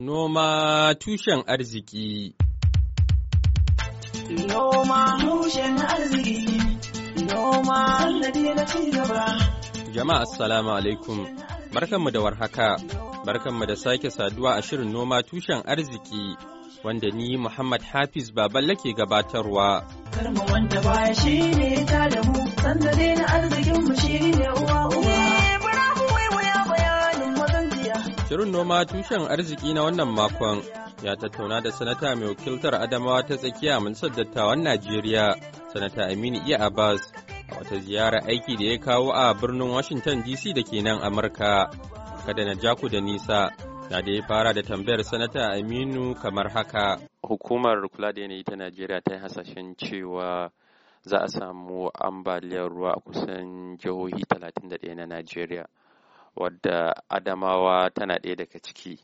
Noma tushen arziki Noma tushen arziki Noma Jama'a assalamu alaikum barkanmu da warhaka barkanmu da sake saduwa a shirin noma tushen arziki wanda ni Muhammad Hafiz Baballe ke gabatarwa Karma wanda baya shine ta da mu sannadi na arzikin mu shine uwa uwa Shirin noma tushen arziki na wannan makon ya tattauna da sanata mai wakiltar Adamawa ta tsakiya Majalisar Dattawan Najeriya, sanata Aminu Iya Abbas, a wata ziyara aiki da ya kawo a birnin Washington DC da ke nan Amurka. Kada na jaku da nisa, na da ya fara da tambayar sanata Aminu kamar haka. Hukumar kula da yanayi ta Najeriya ta yi hasashen cewa za a samu ambaliyar ruwa a kusan jihohi 31 na Najeriya. wadda adamawa tana ɗaya daga ciki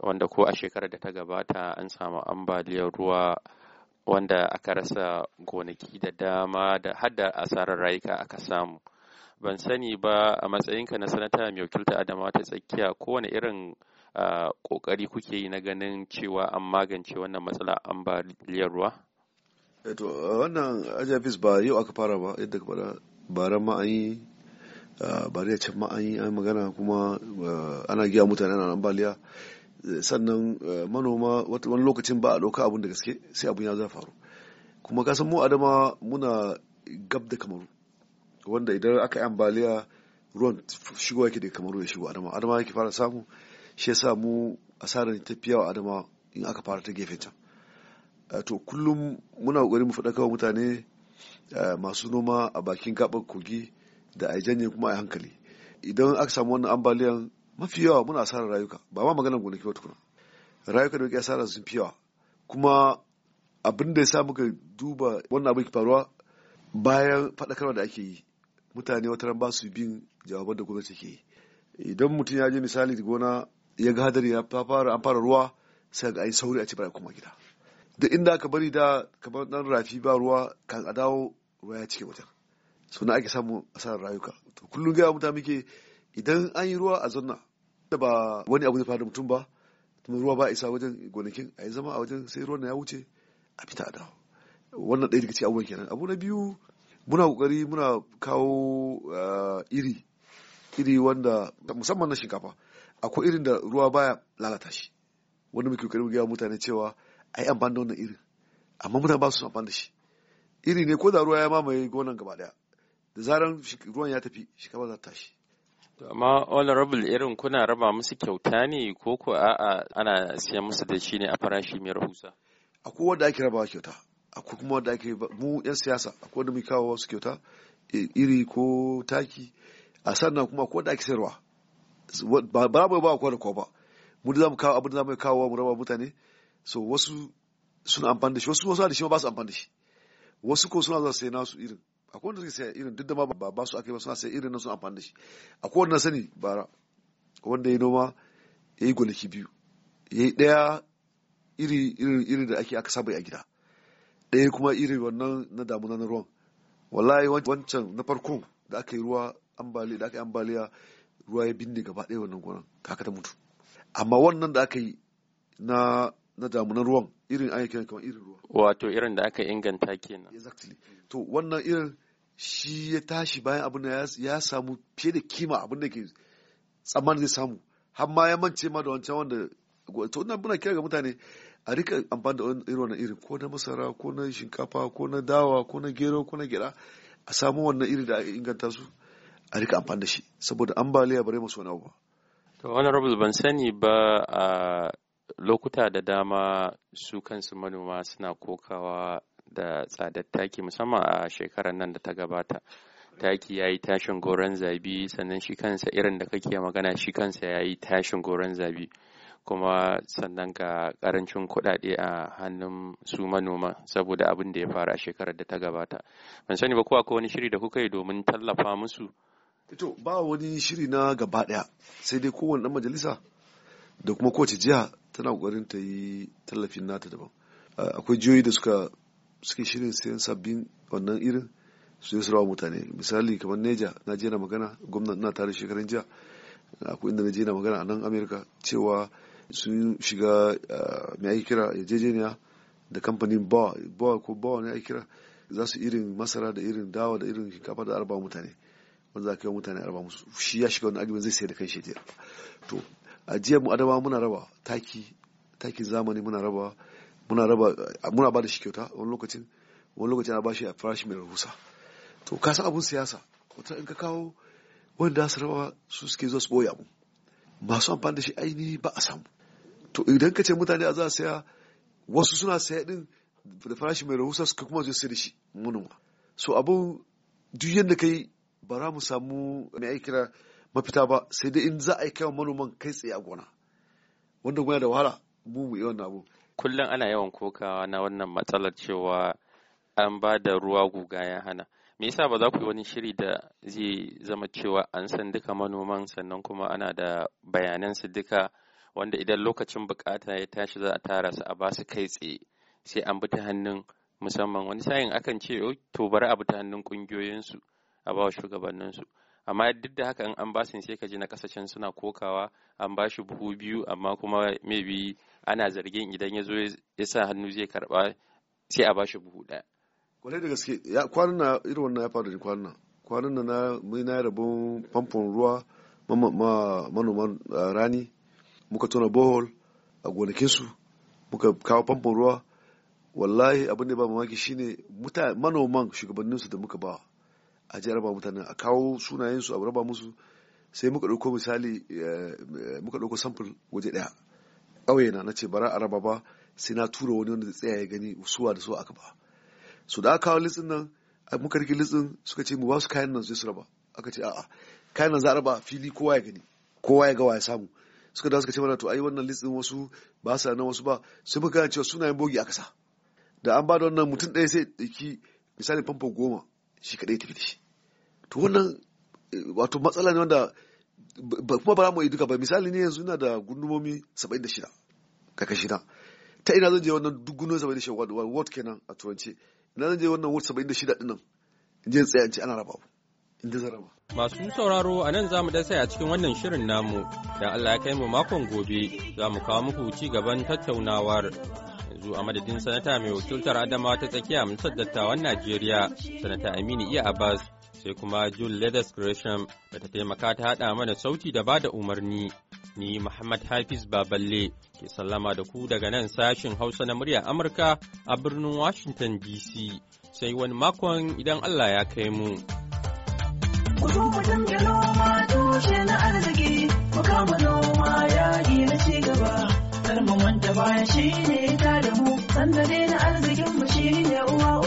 wanda ko a shekarar da ta gabata an samu ambaliyar ruwa wanda aka rasa gonaki da dama da hada asarar rayuka aka samu ban sani ba a matsayinka na sanata mai wakilta adamawa ta tsakiya kowane irin kokari kuke yi na ganin cewa an magance wannan matsala ambaliyar ruwa eh, wannan ajafis ba yau aka fara ba yadda ka bara ma an yi Eh, ba ya can ma an magana kuma eh, ana giya mutane na ambaliya eh, sannan manoma wani lokacin ba a ɗauka abin da gaske sai abun ya za faru kuma kasan mu adama muna gab da kamaru wanda idan aka yi ambaliya ruwan shigo yake da kamaru ya shigo adama adama yake fara samu shi yasa mu asarar tafiya wa adama in aka fara ta gefe can to kullum muna ƙoƙarin mu faɗa kawo mutane masu noma a bakin gaɓar kogi da a janye kuma a hankali idan aka samu wannan ambaliyan mafi yawa muna asarar rayuka ba ma maganar gonaki wata kuna rayuka da muke asarar sun fi yawa kuma abin da ya sa muka duba wannan abin faruwa bayan faɗakarwa da ake yi mutane wata ran ba su bin jawabar da gwamnati ke yi idan mutum ya je misali gona ya ga hadari ya fara an fara ruwa sai ga ayi sauri a ce bari kuma gida da inda aka bari da kamar dan rafi ba ruwa kan a dawo ruwa ya cike wajen. suna ake samun asarar rayuka to kullum gaya mutane muke idan an yi ruwa a zanna da ba wani abu zai faru mutum ba kuma ruwa ba isa wajen gonakin a yi zama a wajen sai ruwan ya wuce a fita a dawo wannan ɗaya daga cikin abubuwan kenan abu na biyu muna kokari muna kawo iri iri wanda musamman na shinkafa akwai irin da ruwa baya lalata shi wanda muke mu gaya mutane cewa a yi amfani da wannan irin amma mutane ba su amfani da shi iri ne ko da ruwa ya mamaye gonan gaba daya da zaran ruwan ya tafi shinkafa za ta tashi amma honorable irin kuna raba musu kyauta ne ko ko a'a ana siya musu da shi ne a farashi mai rahusa akwai wanda ake rabawa kyauta akwai kuma wanda ake mu yan siyasa akwai wanda muke kawo wasu kyauta iri ko taki a sannan kuma akwai wanda ake sayarwa ba mu ba ko da ko ba mu da zamu kawo abin da zamu kawo mu raba mutane so wasu suna amfani da shi wasu wasu da shi ba su amfani da shi wasu ko suna zuwa sai nasu irin akwai wanda suke saya irin duk da ma ba su ake ba suna saya irin nan sun amfani da shi akwai wanda sani bara wanda ya noma ya yi gonaki biyu ya yi ɗaya iri iri da ake aka saba a gida ɗaya kuma iri wannan na damuna na ruwan wallahi wancan na farko da aka yi ruwa ambaliya da aka yi ambaliya ruwa ya binne gaba ɗaya wannan gonan kaka ta mutu amma wannan da aka yi na na damunan ruwan irin ayyukan kamar irin ruwa wato irin da aka inganta kenan exactly to wannan irin shi ya tashi bayan abin da ya samu fiye da kima abin da ke tsammanin zai samu har ma ya mance ma da wancan wanda to ina buna kira ga mutane a rika amfani da irin wannan irin ko na masara ko na shinkafa ko na dawa ko na gero ko na gyada a samu wannan iri da inganta su a rika amfani da shi saboda ambaliya bare masu wani abu to honorable ban sani ba a lokuta da dama su kansu manoma suna kokawa da tsadar taki musamman a shekarar nan da ta gabata taki ya yi tashin goron zabi sannan shi kansa irin da kake magana shi kansa ya yi tashin goron zabi kuma sannan ga karancin kuɗaɗe a hannun su manoma saboda abin da ya fara a shekarar da ta gabata ban sani ba ko wani shiri da kuka yi domin tallafa musu to ba wani shiri na gaba ɗaya sai dai kowane ɗan majalisa da kuma kowace jiha tana ƙoƙarin ta yi tallafin nata daban akwai jiyoyi da suka suke shirin sayan sabbin wannan irin su yi surawa mutane misali kamar neja na je na magana gwamnan na tare shekarun jiya akwai inda na je na magana a nan amerika cewa sun shiga mai ake kira yarjejeniya da kamfanin bawa bawa ko bawa ne ake kira za su irin masara da irin dawa da irin shinkafa da arba mutane wanda za ka yi mutane arba musu shi ya shiga wani agimin zai sai da kan shi to a jiya mu adama muna raba taki takin zamani muna raba muna raba muna ba da shi kyauta wani lokacin wani lokacin ba shi a farashi mai rahusa to ka abun siyasa wata in ka kawo wanda su raba su suke zuwa su boya mu masu amfani da shi aini ba a samu to idan ka ce mutane a za a saya wasu suna saya din da farashi mai rahusa suka kuma zuwa sai da shi munuma so abun duk yadda kai ba za mu samu mai aikira mafita ba sai dai in za a yi kai manoman kai tsaye a gona wanda gona da wahala mu mu yi wannan abu kullum ana yawan kokawa na wannan matsalar cewa an ba da ruwa guga ya hana me yasa ba za ku yi wani shiri da zai zama cewa an san duka manoman sannan kuma ana da bayanan su duka wanda idan lokacin bukata ya tashi za a tara su a ba su kai tsaye sai an bi ta hannun musamman wani sayin akan ce oh, to bari a bi ta hannun kungiyoyinsu a ba wa shugabanninsu amma duk da haka in an basin sai ka ji na kasashen suna kokawa an ba shi buhu biyu amma kuma maybe ana zargin idan ya zo ya sa hannu zai karba sai a ba shi buhu ɗaya. kwarai da gaske kwanan na irin wannan ya faru da kwanan kwanan na na mai na rabon famfon ruwa manoman rani muka tona bohol a gonakinsu muka kawo famfon ruwa wallahi abin da ba mamaki shine manoman shugabanninsu da muka bawa a je raba mutanen a kawo sunayensu a raba musu sai muka ɗauko misali eh, muka ɗauko samfur waje ɗaya ƙauye na ce bara a raba ba sai na tura wani wanda tsaya ya gani suwa da suwa aka ba su da aka kawo litsin nan muka rike litsin suka ce mu ba su kayan nan sai su raba aka ce a'a kayan nan za a raba fili kowa ya gani kowa ya gawa ya samu suka da suka ce mana to ai wannan litsin wasu ba sa nan wasu ba sai muka gane cewa sunayen bogi aka sa da an ba da wannan mutum ɗaya sai ɗauki misali famfo goma shi kaɗai tafi da shi to wannan wato matsala ne wanda ba kuma ba mu yi duka ba misali ne yanzu ina da gundumomi 76 kakashi na ta ina zan je wannan duk gundumomi 76 wato kenan a turanci ina zan je wannan ward 76 din nan in je tsaya in ce ana raba in da zaraba masu sauraro a nan za mu dasa a cikin wannan shirin namu da Allah ya kai mu makon gobe za mu kawo muku ci gaban tattaunawar yanzu a madadin sanata mai wakiltar adamawa ta tsakiya amsar dattawan najeriya sanata aminu iya e. abbas sai kuma jule leathers gresham da ta taimaka ta haɗa mana sauti da bada umarni ni muhammad hafiz baballe ke sallama da ku daga nan sashin hausa na murya amurka a birnin washington dc sai wani makon idan allah ya kai mu. na arziki, mu noma yaƙi na cigaba, gaba, mu baya shi ne ta wanda dai na arzikin mu shine uwa